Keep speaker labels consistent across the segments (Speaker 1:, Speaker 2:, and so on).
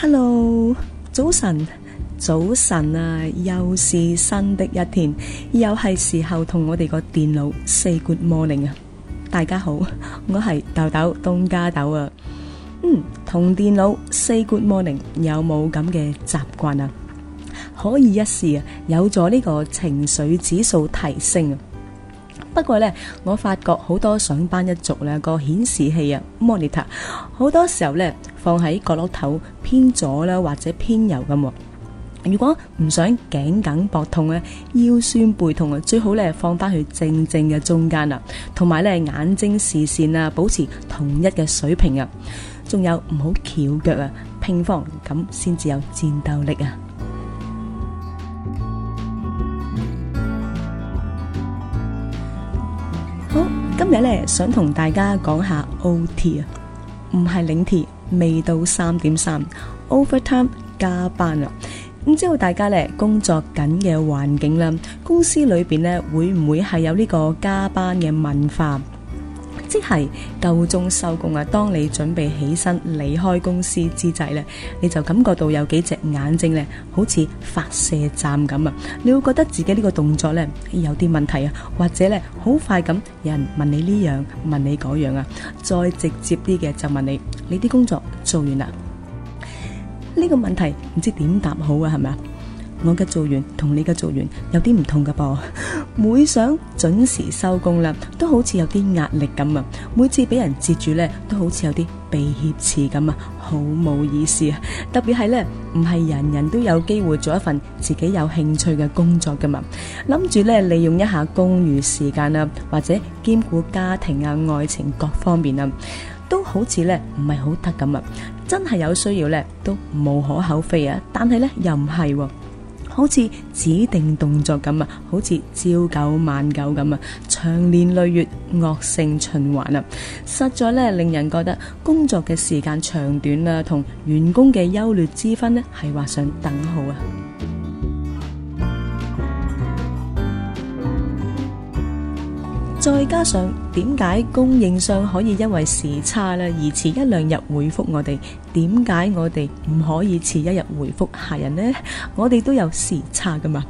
Speaker 1: Hello，早晨，早晨啊，又是新的一天，又係時候同我哋個電腦 say good morning 啊！大家好，我係豆豆東加豆啊。嗯，同電腦 say good morning 有冇咁嘅習慣啊？可以一試啊！有咗呢個情緒指數提升啊！不過咧，我發覺好多上班一族咧個顯示器啊，monitor 好多時候咧放喺角落頭偏左啦，或者偏右咁。如果唔想頸梗膊痛啊，腰酸背痛啊，最好咧放翻去正正嘅中間啦，同埋咧眼睛視線啊保持同一嘅水平啊，仲有唔好翹腳啊，平放咁先至有戰鬥力啊！今日咧想同大家講下 OT 啊，唔係領貼，T，未到三點三，overtime 加班啊，唔知道大家咧工作緊嘅環境啦，公司裏邊咧會唔會係有呢個加班嘅文化？即係夠鐘收工啊！當你準備起身離開公司之際咧，你就感覺到有幾隻眼睛咧，好似發射站咁啊！你會覺得自己呢個動作咧有啲問題啊，或者咧好快咁有人問你呢樣問你嗰樣啊，再直接啲嘅就問你：你啲工作做完啦？呢個問題唔知點答好啊？係咪啊？我嘅做完同你嘅做完有啲唔同㗎噃，每想準時收工啦，都好似有啲壓力咁啊！每次俾人截住咧，都好似有啲被挾持咁啊，好冇意思啊！特別係咧，唔係人人都有機會做一份自己有興趣嘅工作噶嘛，諗住咧利用一下工餘時間啊，或者兼顧家庭啊、愛情各方面啊，都好似咧唔係好得咁啊！真係有需要咧，都無可厚非啊，但係咧又唔係。好似指定動作咁啊，好似朝九晚九咁啊，長年累月惡性循環啊，實在咧令人覺得工作嘅時間長短啊，同員工嘅優劣之分呢，係畫上等號啊。再加上點解供應商可以因為時差咧而遲一兩日回覆我哋？點解我哋唔可以遲一日回覆客人呢？我哋都有時差噶嘛？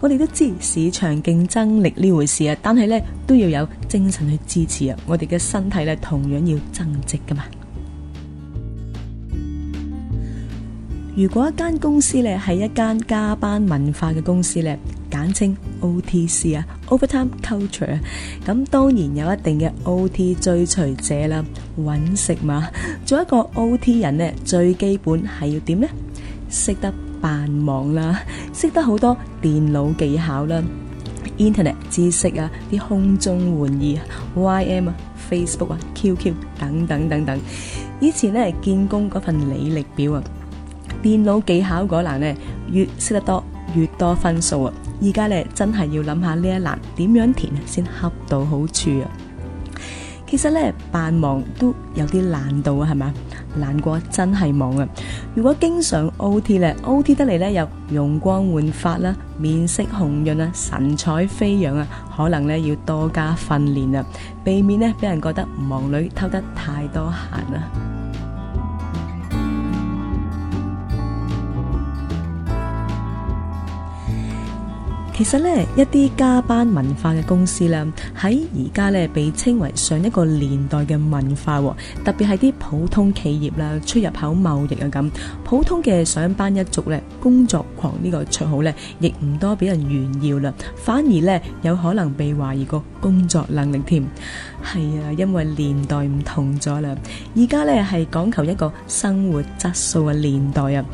Speaker 1: 我哋都知市場競爭力呢回事啊！但係咧都要有精神去支持啊！我哋嘅身體咧同樣要增值噶嘛？如果一間公司咧係一間加班文化嘅公司呢。簡稱 OTC 啊，Overtime Culture 啊，咁當然有一定嘅 OT 追隨者啦。揾食嘛，做一個 OT 人咧，最基本係要點咧？識得扮忙啦，識得好多電腦技巧啦，Internet 知識啊，啲空中玩意，YM 啊，Facebook 啊，QQ 等等等等。以前咧見工嗰份履歷表啊，電腦技巧嗰欄咧，越識得多越多分數啊！而家咧，真係要諗下呢一欄點樣填先恰到好處啊。其實咧，扮忙都有啲難度啊，係咪啊？難過真係忙啊！如果經常 O T 咧，O T 得嚟咧又容光煥發啦、啊，面色紅潤啦、啊，神采飛揚啊，可能咧要多加訓練啦、啊，避免咧俾人覺得忙女偷得太多閒啦、啊。其實呢，一啲加班文化嘅公司啦，喺而家呢被稱為上一個年代嘅文化，特別係啲普通企業啦、出入口貿易啊咁，普通嘅上班一族呢，工作狂呢個綽號呢，亦唔多俾人炫耀啦，反而呢有可能被懷疑個工作能力添。係啊，因為年代唔同咗啦，而家呢係講求一個生活質素嘅年代啊，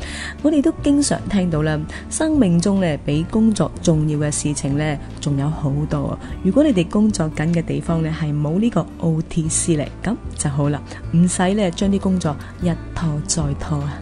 Speaker 1: 我哋都經常聽到啦，生命中呢比工作重要。嘅事情咧，仲有好多啊。如果你哋工作緊嘅地方咧，係冇呢個 OTC 嚟咁就好啦，唔使咧將啲工作一拖再拖啊。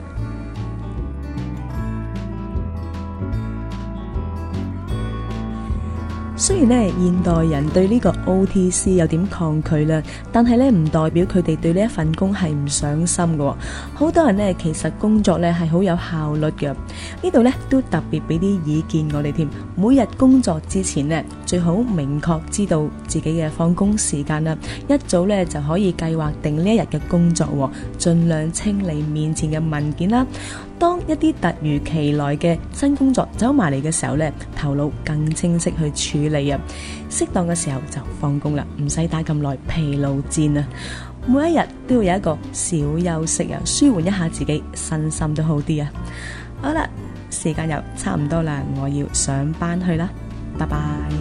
Speaker 1: 雖然咧現代人對呢個 OTC 有點抗拒啦，但係咧唔代表佢哋對呢一份工係唔上心噶。好多人咧其實工作咧係好有效率噶。呢度咧都特別俾啲意見我哋添。每日工作之前咧最好明確知道自己嘅放工時間啦，一早咧就可以計劃定呢一日嘅工作，盡量清理面前嘅文件啦。當一啲突如其來嘅新工作走埋嚟嘅時候咧，頭腦更清晰去處理。第日適當嘅時候就放工啦，唔使打咁耐疲勞戰啊！每一日都要有一個小休息啊，舒緩一下自己身心都好啲啊！好啦，時間又差唔多啦，我要上班去啦，拜拜。